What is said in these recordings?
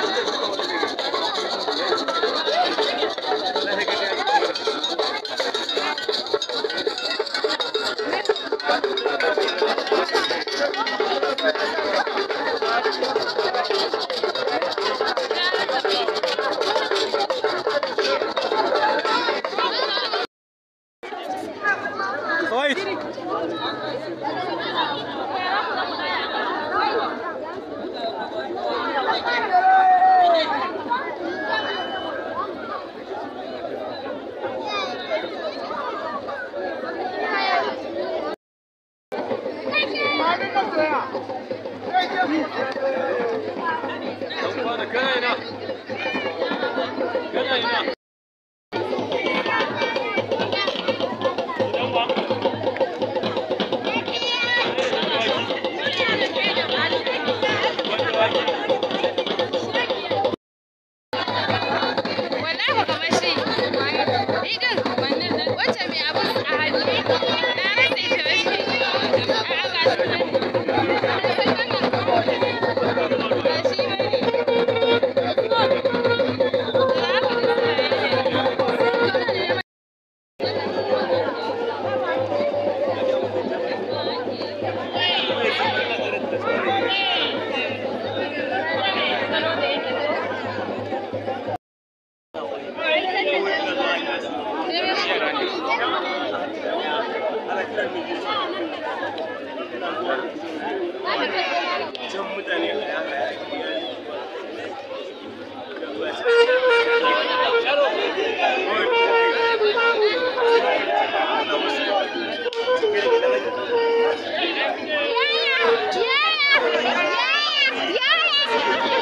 Thank you. Yeah! Yeah! Yeah! ya Yeah!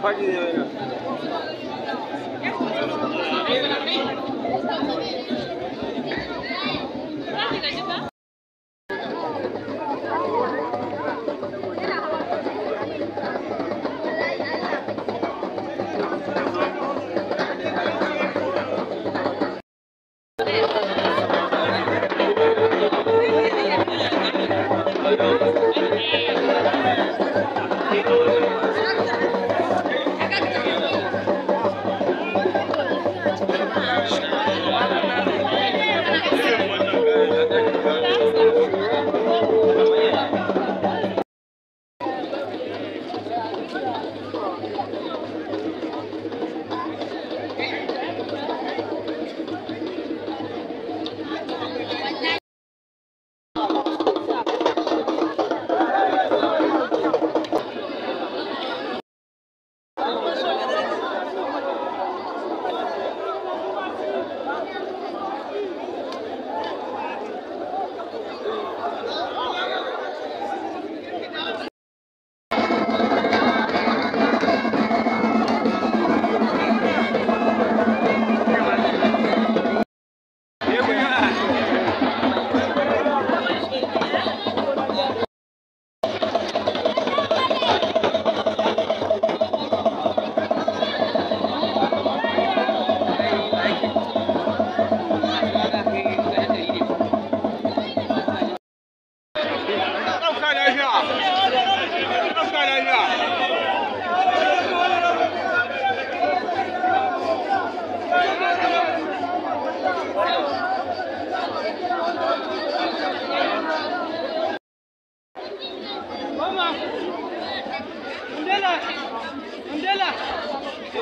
parte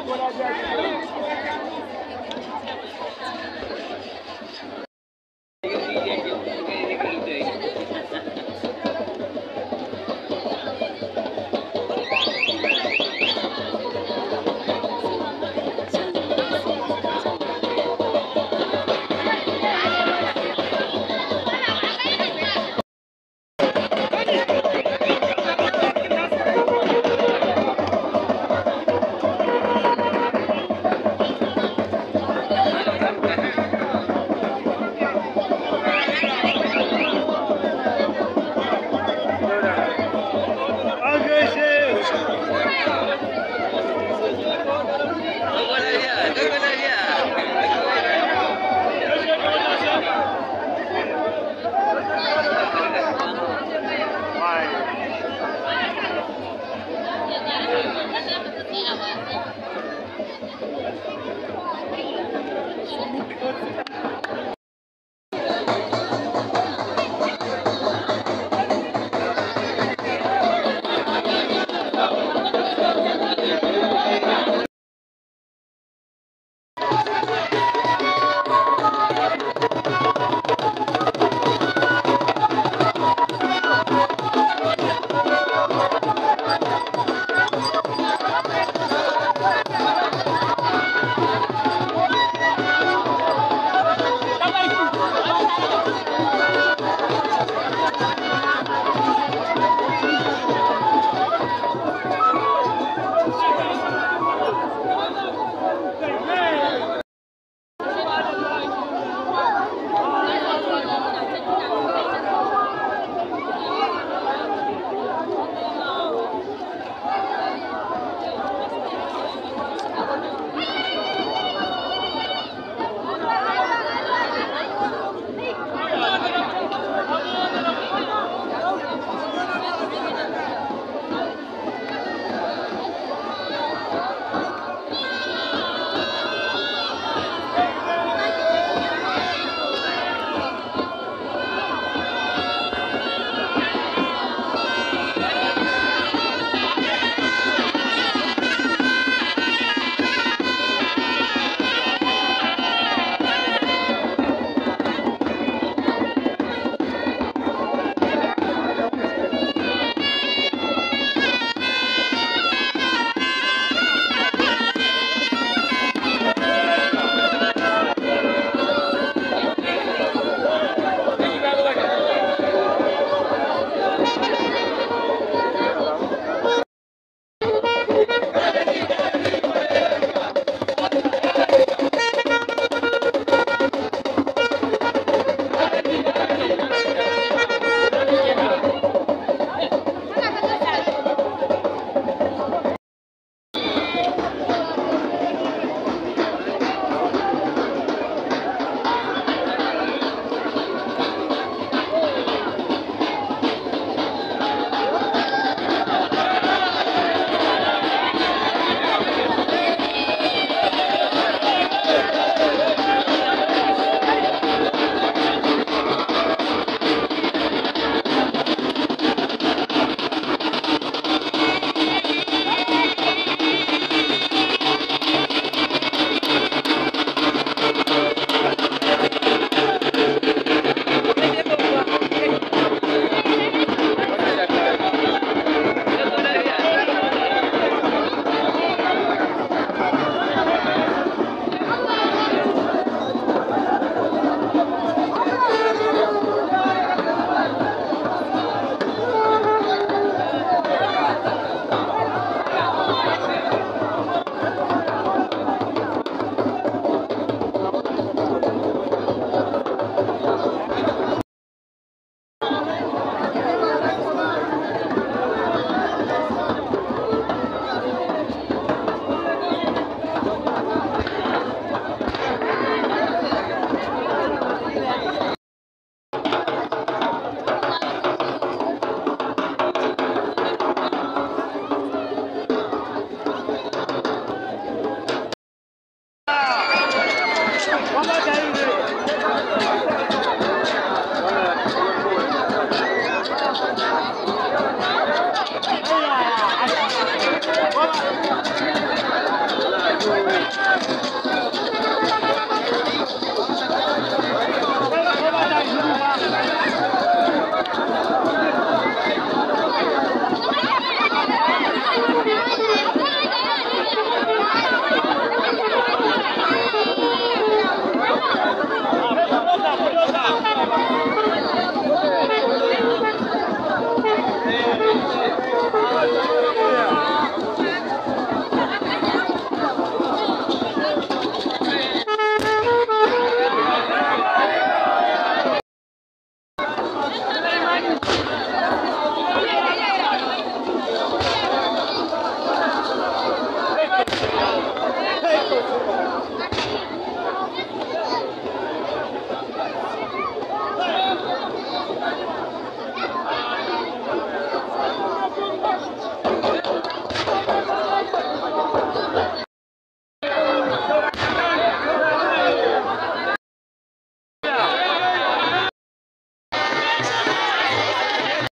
Vamos lá, vamos lá, vamos lá.